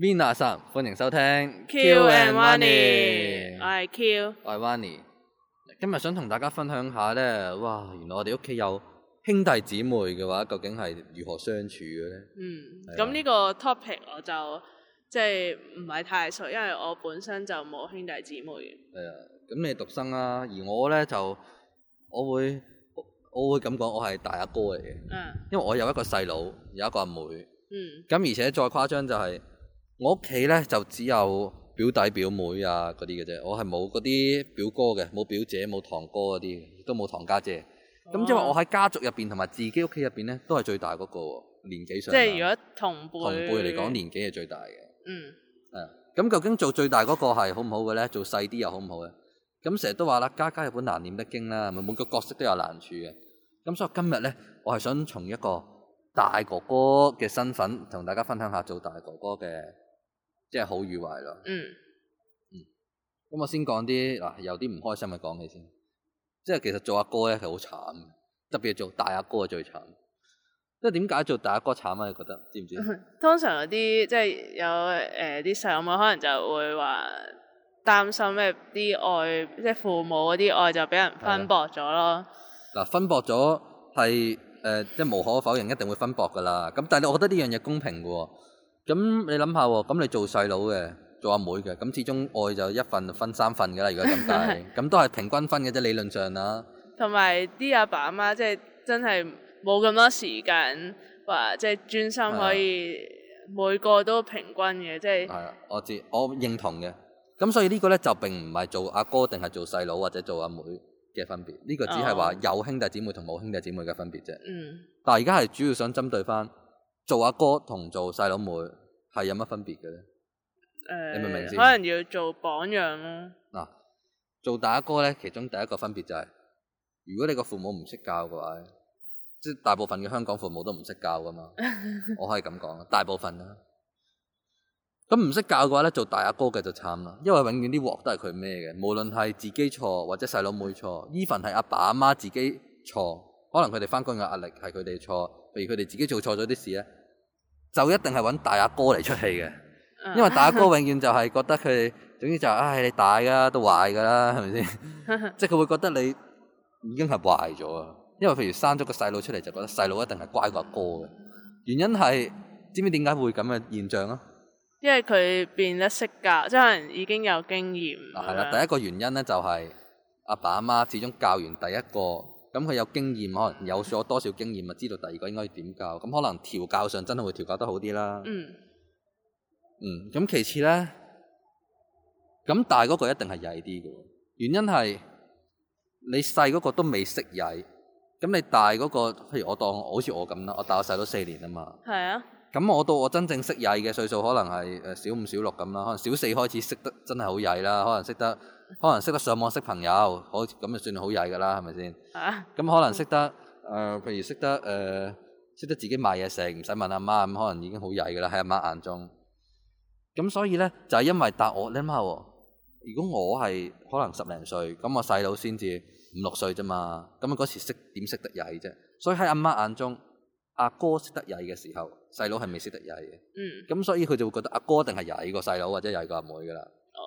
Vina Sam，歡迎收聽。Q and Wanny，係 Q，係 Wanny。今日想同大家分享下咧，哇！原來我哋屋企有兄弟姊妹嘅話，究竟係如何相處嘅咧？嗯，咁呢個 topic 我就即係唔係太熟，因為我本身就冇兄弟姊妹。係啊，咁你獨生啦，而我咧就我會我，我會咁講，我係大阿哥嚟嘅。嗯，因為我有一個細佬，有一個阿妹。嗯，咁而且再誇張就係我屋企咧就只有表弟表妹啊嗰啲嘅啫，我係冇嗰啲表哥嘅，冇表姐，冇堂哥嗰啲、哦，都冇堂家姐。咁即係我喺家族入邊同埋自己屋企入邊咧，都係最大嗰、嗰個年紀上。即係如果同輩同輩嚟講，年紀係最大嘅。嗯。係、嗯。咁究竟做最大嗰個係好唔好嘅咧？做細啲又好唔好嘅？咁成日都話啦，家家有本難念的經啦，咪每個角色都有難處嘅。咁所以今日咧，我係想從一個大哥哥嘅身份，同大家分享下做大哥哥嘅。即係好與壞咯。嗯。嗯。咁我先講啲嗱，有啲唔開心嘅講起先。即係其實做阿哥咧係好慘嘅，特別係做大阿哥，哥最慘。即係點解做大阿哥，哥慘咧、啊？你覺得知唔知？通常嗰啲即係有誒啲、呃、細佬妹，可能就會話擔心咩啲愛，即係父母嗰啲愛就俾人分薄咗咯。嗱的、啊，分薄咗係誒，即係無可否認，一定會分薄㗎啦。咁但係我覺得呢樣嘢公平㗎喎。咁你諗下喎，咁你做細佬嘅，做阿妹嘅，咁始終愛就一份分三份嘅啦。如果咁大，咁 都係平均分嘅啫。理論上啦，同埋啲阿爸阿媽即係真係冇咁多時間，話即係專心可以每個都平均嘅，即係。係啊，我知，我認同嘅。咁所以呢個咧就並唔係做阿哥定係做細佬或者做阿妹嘅分別，呢個只係話有兄弟姊妹同冇兄弟姊妹嘅分別啫。嗯。但係而家係主要想針對翻。做阿哥同做細佬妹係有乜分別嘅咧？誒、呃，你明唔明可能要做榜樣啊。嗱，做大阿哥咧，其中第一個分別就係、是，如果你個父母唔識教嘅話，即、就、係、是、大部分嘅香港父母都唔識教噶嘛， 我可以咁講，大部分啦。咁唔識教嘅話咧，做大阿哥嘅就慘啦，因為永遠啲鑊都係佢孭嘅，無論係自己錯或者細佬妹錯 even 係阿爸阿媽自己錯，可能佢哋翻工嘅壓力係佢哋錯，譬如佢哋自己做錯咗啲事咧。就一定係揾大阿哥嚟出氣嘅，因為大阿哥永遠就係覺得佢，總之就係唉，你大噶都壞噶啦，係咪先？即係佢會覺得你已經係壞咗啊，因為譬如生咗個細佬出嚟就覺得細佬一定係乖過阿哥嘅，原因係知唔知點解會咁嘅現象啊？因為佢變得識教，即係可能已經有經驗。係啦、啊，第一個原因咧就係阿爸阿媽始終教完第一個。咁佢有經驗，可能有咗多少經驗，咪知道第二個應該點教。咁可能調教上真係會調教得好啲啦。嗯，嗯。咁其次咧，咁大嗰個一定係曳啲嘅，原因係你細嗰個都未識曳。咁你大嗰個，譬如我當我好似我咁啦，我大我細咗四年啊嘛。係啊。咁我到我真正識曳嘅歲數，可能係誒小五、小六咁啦，可能小四開始識得真係好曳啦，可能識得，可能識得上網識朋友，好咁就算好曳噶啦，係咪先？啊！咁可能識得誒、呃，譬如識得誒，呃、識得自己買嘢食，唔使問阿媽，媽，咁可能已經好曳噶啦，喺阿媽，媽眼中。咁所以咧，就係、是、因為答我咧，你媽喎，如果我係可能十零歲，咁我細佬先至五六歲啫嘛，咁啊嗰時識點識得曳啫？所以喺阿媽，媽眼中。阿哥識得曳嘅時候，細佬係未識得曳嘅，咁、嗯、所以佢就會覺得阿哥一定係曳過細佬或者曳過阿妹噶啦。哦，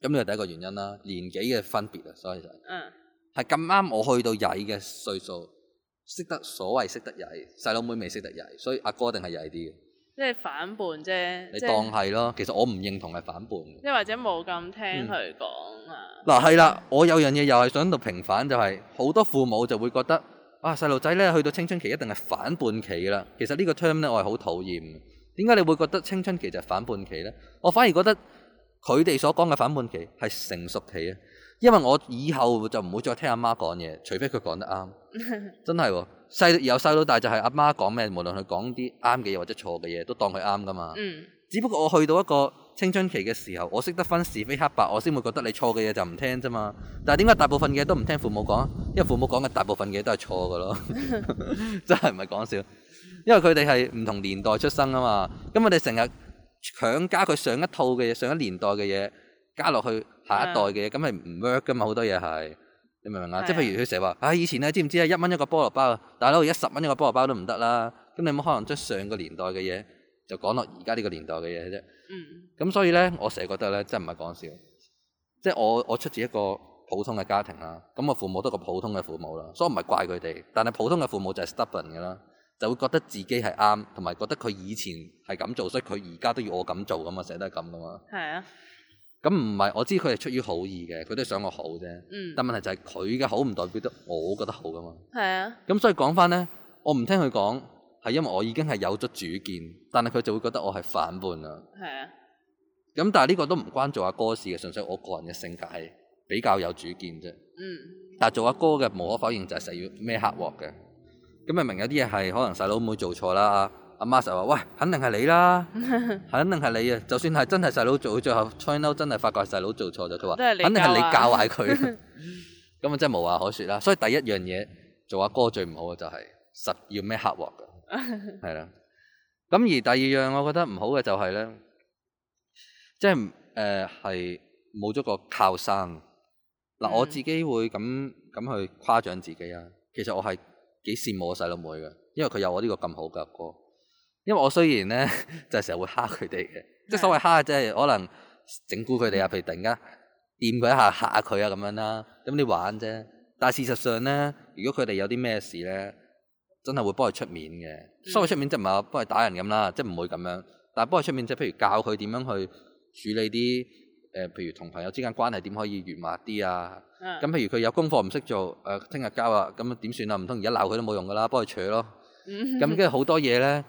咁就第一個原因啦，年紀嘅分別啦，所以就係咁啱我去到曳嘅歲數，識得所謂識得曳，細佬妹未識得曳，所以阿哥一定係曳啲嘅。即係反叛啫，你當係咯，即係、其實我唔認同係反叛。即係或者冇咁聽佢講啊。嗱係啦，我有樣嘢又係想喺度平反，就係、係、好多父母就會覺得。啊，細路仔咧，去到青春期一定係反叛期啦。其實呢個 term 咧，我係好討厭。點解你會覺得青春期就係反叛期咧？我反而覺得佢哋所講嘅反叛期係成熟期啊。因為我以後就唔會再聽阿媽講嘢，除非佢講得啱。 真係、哦，細由細到大就係阿媽講咩，無論佢講啲啱嘅嘢或者錯嘅嘢，都當佢啱㗎嘛。嗯， 只不過我去到一個。青春期嘅時候，我識得分是非黑白，我先會覺得你錯嘅嘢就唔聽啫嘛。但係點解大部分嘅嘢都唔聽父母講？因為父母講嘅大部分嘢都係錯㗎咯， 真係唔係講笑。因為佢哋係唔同年代出生啊嘛，咁我哋成日強加佢上一套嘅嘢，上一年代嘅嘢加落去下一代嘅嘢，咁係唔 work 噶嘛？好多嘢係，你明唔明啊？即係的譬如佢成日話：唉、哎，以前啊，知唔知啊？一蚊一個菠蘿包，大佬，而家十蚊一個菠蘿包都唔得啦。咁你冇可能將上個年代嘅嘢就講落而家呢個年代嘅嘢啫。嗯，咁所以咧，我成日覺得咧，真係唔係講笑，即係我我出自一個普通嘅家庭啦，咁我父母都個普通嘅父母啦，所以唔係怪佢哋，但係普通嘅父母就係 stubborn 嘅啦，就會覺得自己係啱，同埋覺得佢以前係咁做，所以佢而家都要我咁做噶嘛，成日都係咁噶嘛。係啊。咁唔係，我知佢係出於好意嘅，佢都想我好啫。嗯。但問題就係佢嘅好唔代表得我覺得好噶嘛。係啊。咁所以講翻咧，我唔聽佢講。係因為我已經係有咗主見，但係佢就會覺得我係反叛啦。係啊，咁但係呢個都唔關做阿哥，哥事嘅，純粹我個人嘅性格係比較有主見啫。嗯，但係做阿哥嘅無可否認就係實要孭黑鑊嘅。咁明明有啲嘢係可能細佬妹做錯啦。阿媽成日話：，喂，肯定係你啦，肯定係你啊！ 就算係真係細佬做，最後，細妞真係發覺細佬做錯咗，佢話：，都係你教，肯定係你教壞佢。咁啊，即係無話可説啦。所以第一樣嘢做阿哥，哥，哥最唔好嘅就係、是、實要孭黑鑊。係啦，咁 而第二樣我覺得唔好嘅就係、是、咧，即係誒係冇咗個靠山。嗱、嗯，我自己會咁咁去誇獎自己啊。其實我係幾羨慕我細佬妹嘅，因為佢有我呢個咁好嘅哥。因為我雖然咧 就係成日會蝦佢哋嘅， 即係所謂蝦即係可能整蠱佢哋啊，譬如突然間掂佢一下嚇下佢啊咁樣啦。咁你玩啫，但係事實上咧，如果佢哋有啲咩事咧。真係會幫佢出面嘅，所謂出面即係唔係幫佢打人咁啦，嗯、即係唔會咁樣。但係幫佢出面即係譬如教佢點樣去處理啲誒、呃，譬如同朋友之間關係點可以圓滑啲啊。咁、嗯、譬如佢有功課唔識做，誒聽日交啊，咁點算啊？唔通而家鬧佢都冇用㗎啦，幫佢扯咯。咁跟住好多嘢咧，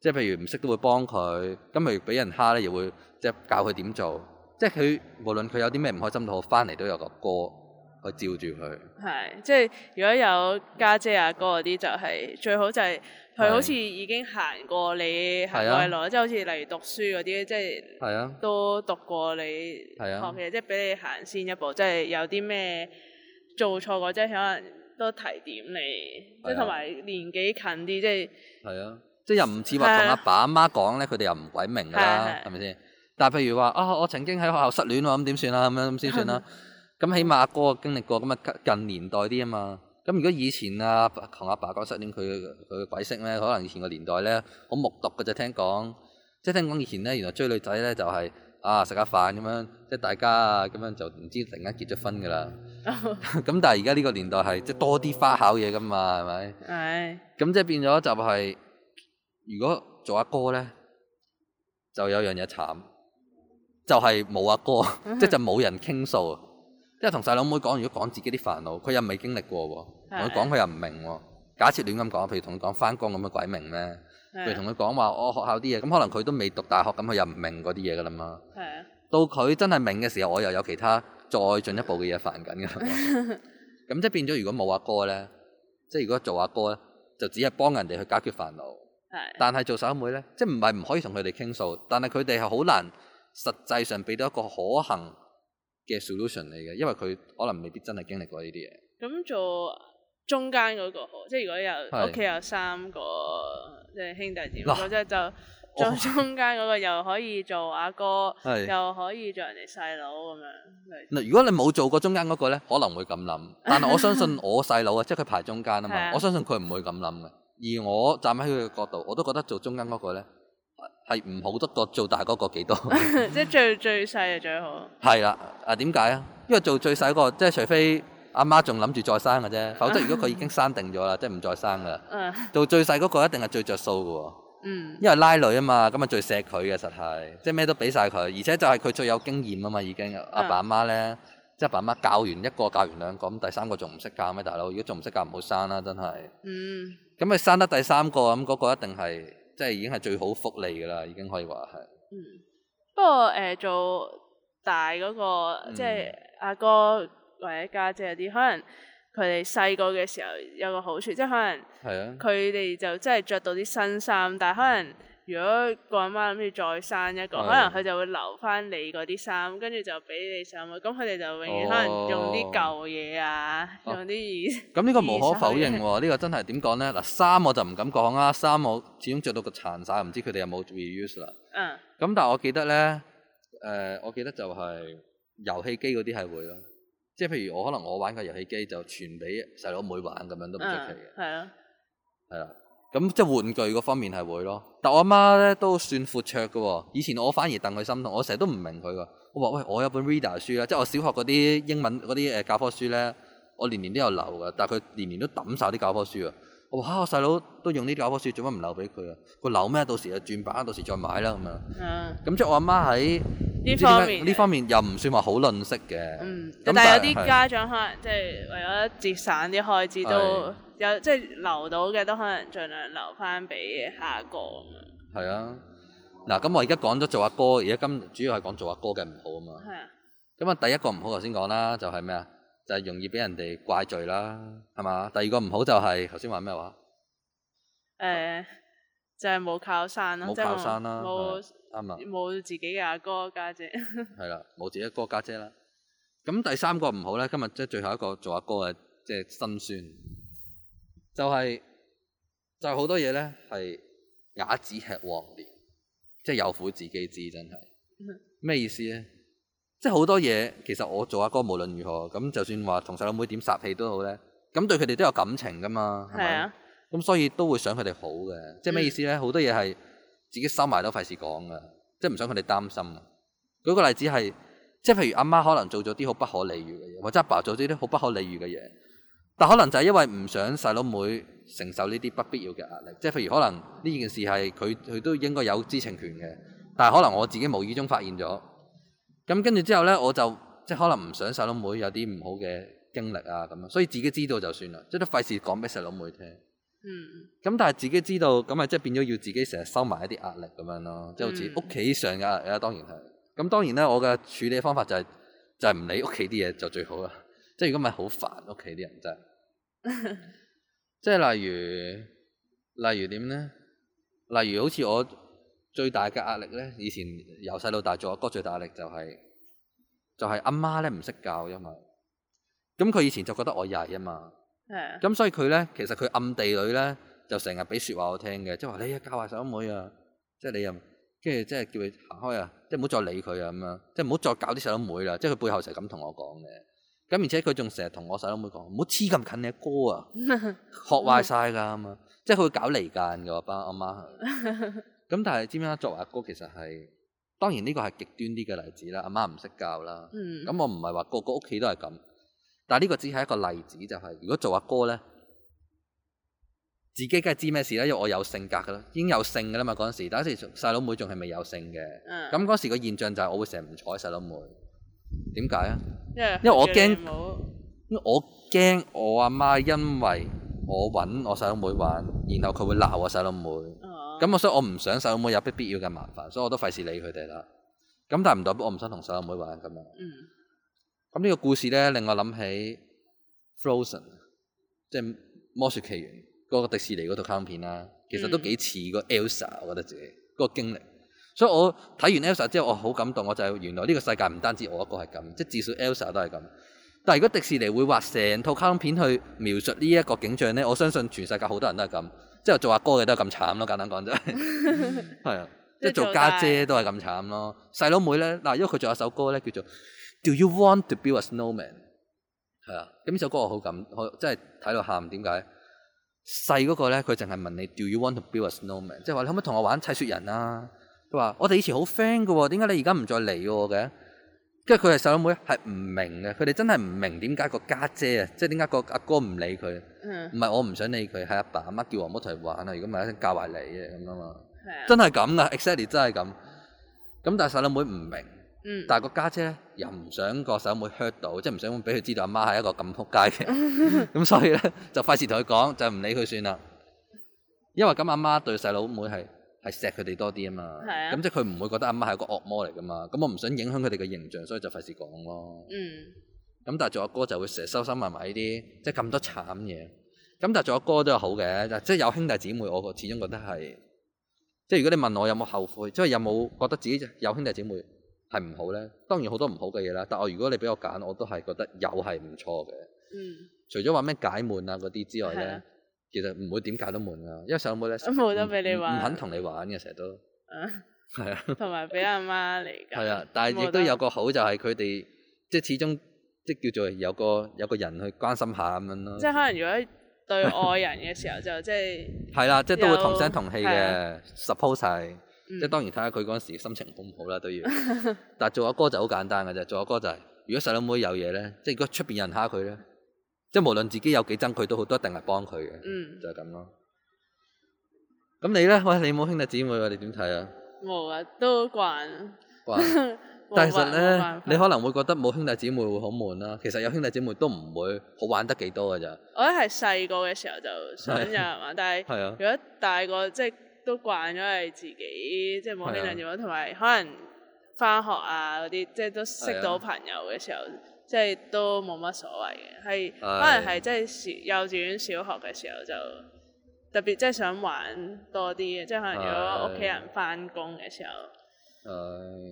即係譬如唔識都會幫佢。譬如俾人蝦咧，又會即係教佢點做。即係佢無論佢有啲咩唔開心都好，我翻嚟都有個歌。去照住佢，係即係如果有家姐阿哥嗰啲，就係，就係最好就係佢好似已經行過你行是啊，路即係好似例如讀書嗰啲，即係是、啊、都讀過你是啊，學嘅，即係俾你行先一步，即係有啲咩做錯過，即係可能都提點你，是啊、即係同埋年紀近啲，即係係是啊，啊，即係又唔似話同阿爸阿媽講咧，佢哋又唔鬼明㗎啦，係咪先？但係譬如話啊，我曾經喺學校失戀喎，咁點算啊？咁樣咁先算啦。 咁起碼阿哥經歷過，咁啊近年代啲啊嘛，咁如果以前啊同阿爸講失戀，佢佢鬼識咩？可能以前個年代咧好木獨嘅就聽講，即係聽講以前咧原來追女仔咧就係、是、啊食下飯咁樣，即係大家啊咁樣就唔知突然間結咗婚㗎啦。咁 但係而家呢個年代係即係多啲花巧嘢㗎嘛，係咪？係。咁即係變咗就係、是，如果做阿哥咧，就有樣嘢慘，就係冇阿哥，即係 就冇人傾訴。即係同細佬妹講，如果講自己啲煩惱，佢又未經歷過喎，我講佢又唔明喎。假設亂咁講，譬如同佢講翻工咁樣鬼明咩？是的 譬如同佢講話我學校啲嘢，咁、嗯、可能佢都未讀大學，咁佢又唔明嗰啲嘢㗎啦嘛。是的 到佢真係明嘅時候，我又有其他再進一步嘅嘢煩緊㗎啦。咁即係變咗，如果冇阿哥咧，即係如果做阿哥咧，就只係幫人哋去解決煩惱。是的 但係做細佬妹咧，即係唔係唔可以同佢哋傾訴？但係佢哋係好難實際上俾到一個可行。嘅 solution 嚟嘅，因為佢可能未必真係經歷過呢啲嘢。咁做中間嗰、那個，即係如果有屋企是有三個即係兄弟姊妹，咁、呃、就做中間嗰個又可以做阿哥，哥， 是又可以做人哋細佬咁樣。嗱，如果你冇做過中間嗰個咧，可能會咁諗。但係我相信我細佬啊， 即係佢排中間啊嘛， 我相信佢唔會咁諗嘅。而我站喺佢嘅角度，我都覺得做中間嗰個咧，係唔好得過做大嗰個幾多，即係最最細就最好。係啦，啊點解啊？因為做最細個，即係除非阿媽仲諗住再生嘅啫，否則如果佢已經生定咗啦，即係唔再生噶。嗯。 做最細嗰個一定係最着數噶。嗯。因為拉女啊嘛，咁啊最錫佢嘅實係，即係咩都俾晒佢，而且就係佢最有經驗啊嘛。已經阿爸阿媽咧，即係阿爸阿媽教完一個教完兩個，咁第三個仲唔識教咩大佬？如果仲唔識教唔好生啦，真係。嗯。咁啊生得第三個咁嗰、嗯、個一定係。即係已經係最好福利㗎啦，已經可以話係。嗯，不過誒、呃、做大嗰、嗰個，即係阿、嗯、哥或者家姐，姐有啲可能佢哋細個嘅時候有個好處，即係可能佢哋就真係着到啲新衫，但係可能。如果個阿媽諗住再生一個，的可能佢就會留翻你嗰啲衫，跟住就俾你細妹。咁佢哋就永遠可能用啲舊嘢啊，啊用啲嘢。咁呢、啊、個無可否認喎、啊。呢、呢個真係點講咧？嗱、啊，衫我就唔敢講啦、啊。衫我始終着到個殘晒，唔知佢哋有冇 reuse 啦。嗯。咁、嗯、但係我記得咧，誒、呃，我記得就係遊戲機嗰啲係會咯。即係譬如我可能我玩個遊戲機就傳俾細佬妹玩，咁樣都唔出奇嘅。係啊、嗯。係啊。嗯。咁即係玩具個方面係會咯，但我阿媽咧都算闊綽嘅喎。以前我反而戥佢心痛，我成日都唔明佢嘅。我話喂，我有本 reader 書咧，即係我小學嗰啲英文嗰啲誒教科書咧，我年年都有留嘅，但係佢年年都抌晒啲教科書啊。哇！我細佬都用老婆書呢啲教科書，做乜唔留俾佢啊？佢留咩？到時啊轉版，到時，到時再買啦咁啊。嗯。咁即係我阿媽喺呢方面，呢方面又唔算話好吝惜嘅。嗯。咁但係有啲家長可能是即係是為咗節省啲開支，都是有即係留到嘅都可能盡量留翻俾下一個咁嘛。係、嗯、啊。嗱，咁我而家講咗做阿哥，而家今主要係講做阿哥嘅唔好啊嘛。係啊。咁啊，第一個唔好我先講啦，就係咩啊？就係容易俾人哋怪罪啦，係嘛？第二個唔好就係頭先話咩話？誒、呃，就係、是、冇靠山咯，即係冇冇冇自己嘅阿哥家姐。係 啦，冇自己嘅哥家姐啦。咁第三個唔好咧，今日即係最後一個做阿哥嘅，即係心酸。就係、是、就係、是、好多嘢咧，係啞子吃黃連，即、就、係、是、有苦自己知，真係咩意思咧？即係好多嘢，其實我做阿哥，哥無論如何，咁就算話同細佬妹點殺氣都好咧，咁對佢哋都有感情噶嘛，係咪啊？咁所以都會想佢哋好嘅，即係咩意思咧？嗯，好多嘢係自己收埋都費事講噶，即係唔想佢哋擔心。舉個例子係，即係譬如阿媽可能做咗啲好不可理喻嘅嘢，或者阿爸，爸做咗啲好不可理喻嘅嘢，但可能就係因為唔想細佬妹承受呢啲不必要嘅壓力，即係譬如可能呢件事係佢佢都應該有知情權嘅，但係可能我自己無意中發現咗。咁跟住之後咧，我就即係可能唔想細佬妹有啲唔好嘅經歷啊，咁樣，所以自己知道就算啦，即係都費事講俾細佬妹聽。嗯。咁但係自己知道，咁咪即係變咗要自己成日收埋一啲壓力咁樣咯，即係好似屋企上嘅壓力啦，當然係。咁、嗯、當然咧，我嘅處理方法就係、是、就係唔理屋企啲嘢就最好啦。即係如果咪好煩屋企啲人真係。 即係例如，例如點咧？例如好似我。最大嘅壓力咧，以前由細到大做阿哥最大壓力就係、是，就係、是、阿媽咧唔識教啊嘛。咁佢以前就覺得我曳啊嘛。誒 Yeah.、嗯。咁所以佢咧，其實佢暗地裏咧就成日俾說話我聽嘅，即係話你啊教壞細佬妹啊，即、就、係、是、你又，即係即係叫佢行開啊，即係唔好再理佢啊咁樣，即係唔好再搞啲細佬妹啦。即係佢背後成日咁同我講嘅。咁而且佢仲成日同我細佬妹講唔好黐咁近你阿哥啊，學壞晒㗎嘛。即係佢會搞離間㗎，阿爸阿媽，媽。 咁、嗯、但係知唔知作為阿哥，其實係當然呢個係極端啲嘅例子啦。阿媽唔識教啦，咁、嗯、我唔係話個個屋企都係咁。但係呢個只係一個例子，就係、係、如果做阿哥咧，自己梗係知咩事啦，因為我有性格噶啦，已經有性噶啦嘛嗰陣時。但嗰時細佬妹仲係未有性嘅，咁嗰、嗯、時個現象就係我會成日唔睬細佬妹。點解啊？因為因為我驚，因為我驚我阿媽因為我揾我細佬妹玩，然後佢會鬧我細佬妹。嗯咁我所以，我唔想細佬妹有必必要嘅麻煩，所以我都費事理佢哋啦。咁但係唔代表我唔想同細佬妹玩咁樣。咁呢個故事咧，令我諗起 Frozen，即係《魔雪奇緣》嗰個迪士尼嗰套卡通片啦。其實都幾似個 Elsa，我覺得自己嗰個經歷。所以我睇完 Elsa 之後，我好感動。我就係原來呢個世界唔單止我一個係咁，即係至少 Elsa 都係咁。但係如果迪士尼會畫成套卡通片去描述呢一個景象咧，我相信全世界好多人都係咁。即係做阿哥嘅都係咁慘咯，簡單講真係，啊 即係做家姐，姐都係咁慘咯。細佬 妹咧，嗱，因為佢做有首歌咧，叫做《Do You Want to be a Snowman》係啊。咁呢首歌我好感，我即係睇到喊。點解細嗰個咧，佢淨係問你 Do You Want to be a Snowman？即係話你可唔可以同我玩砌雪人啊？佢話我哋以前好 friend 嘅喎，點解你而家唔再嚟嘅？跟住佢係細佬妹，係唔明嘅。佢哋真係唔明點解個家姐啊，即係點解個阿哥唔理佢？唔係，嗯、我唔想理佢，係阿爸阿媽叫我唔好同佢玩啦。如果唔係，一陣教壞你嘅咁啊嘛。嗯、真係咁噶，Exactly 真係咁。咁但係細佬妹唔明，但係個家姐咧又唔想個細佬妹 hurt 到，即係唔想俾佢知道阿媽係一個咁撲街嘅。咁、嗯、 所以咧就費事同佢講，就唔理佢算啦。因為咁阿媽，媽對細佬妹係。係錫佢哋多啲啊嘛，咁即係佢唔會覺得阿媽係個惡魔嚟噶嘛，咁我唔想影響佢哋嘅形象，所以就費事講咯。嗯，咁但係做阿哥就會成日收心埋埋呢啲，即係咁多慘嘢。咁但係做阿哥都係好嘅，即係有兄弟姊妹，我始終覺得係。即係，嗯，如果你問我有冇後悔，即係有冇覺得自己有兄弟姊妹係唔好咧？當然好多唔好嘅嘢啦。但我如果你俾我揀，我都係覺得有係唔錯嘅。嗯。除咗話咩解悶啊嗰啲之外咧。嗯嗯。其實唔會點解都悶噶，因為細佬妹咧都冇得俾你玩，唔肯同你玩嘅成日都，係啊，同埋俾阿媽嚟㗎。係 啊，但係亦都有個好就係佢哋，即係始終即係叫做有個有個人去關心下咁樣咯。即係可能如果對愛人嘅時候就即係係啦，即係都會同聲同氣嘅。Suppose 晒。即係當然睇下佢嗰陣時心情好唔好啦都要。 但係做阿哥，哥就好簡單㗎啫，做阿哥，哥就係、係、如果細佬妹有嘢咧，即係如果出邊人蝦佢咧。即係無論自己有幾憎佢都好，都一定係幫佢嘅，嗯、就係咁咯。咁你咧？喂，你冇兄弟姊妹喎、啊？你點睇啊？冇啊，都慣。慣乖， 但係其實咧，你可能會覺得冇兄弟姊妹會好悶啦、啊。其實有兄弟姊妹都唔會好玩得幾多㗎咋。我係細個嘅時候就想有人玩，啊、但係如果大個即係都慣咗係自己，即係冇兄弟姊妹，同埋、啊、可能返學啊嗰啲，即、就、係、是、都識到朋友嘅時候。即係都冇乜所謂嘅，係是可能係即係幼稚園、小學嘅時候就特別即係想玩多啲是即係可能有屋企人返工嘅時候，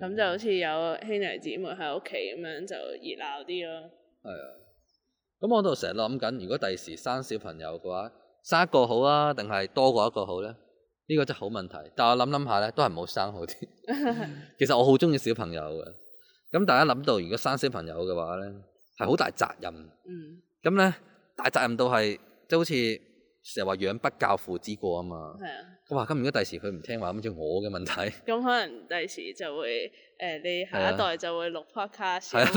咁是就好似有兄弟姊妹喺屋企咁樣就熱鬧啲咯。係啊，咁我都成日諗緊，如果第時生小朋友嘅話，生一個好啊，定係多過一個好咧？呢、這個真係好問題。但係我諗諗下咧，都係唔好生好啲。 其實我好中意小朋友嘅。咁大家諗到，如果生小朋友嘅話咧，係好大責任。嗯。咁咧，大責任到係即係好似成日話養不教父之過啊嘛。係是啊。咁話，咁如果第時佢唔聽話，咁就我嘅問題。咁、嗯、可能第時就會誒、呃，你下一代就會錄 podcast，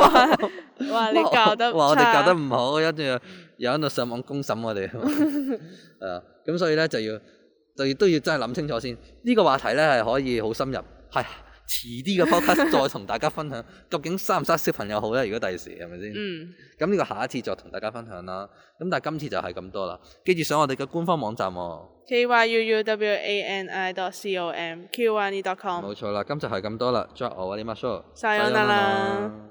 話話你教得，話我哋教得唔好，一定又喺度上網公審我哋。係 啊。咁所以咧就要就要都要真係諗清楚先，呢、呢個話題咧係可以好深入，係、哎。遲啲嘅 focus 再同大家分享，究竟生唔生小朋友好咧？如果第時係咪先？嗯。咁呢個下一次再同大家分享啦。咁但係今次就係咁多啦。記住上我哋嘅官方網站 k y u u w a n i dot c o m q y e dot com。冇錯啦，今集係咁多啦。Drop 我哋，你媽拜拜啦。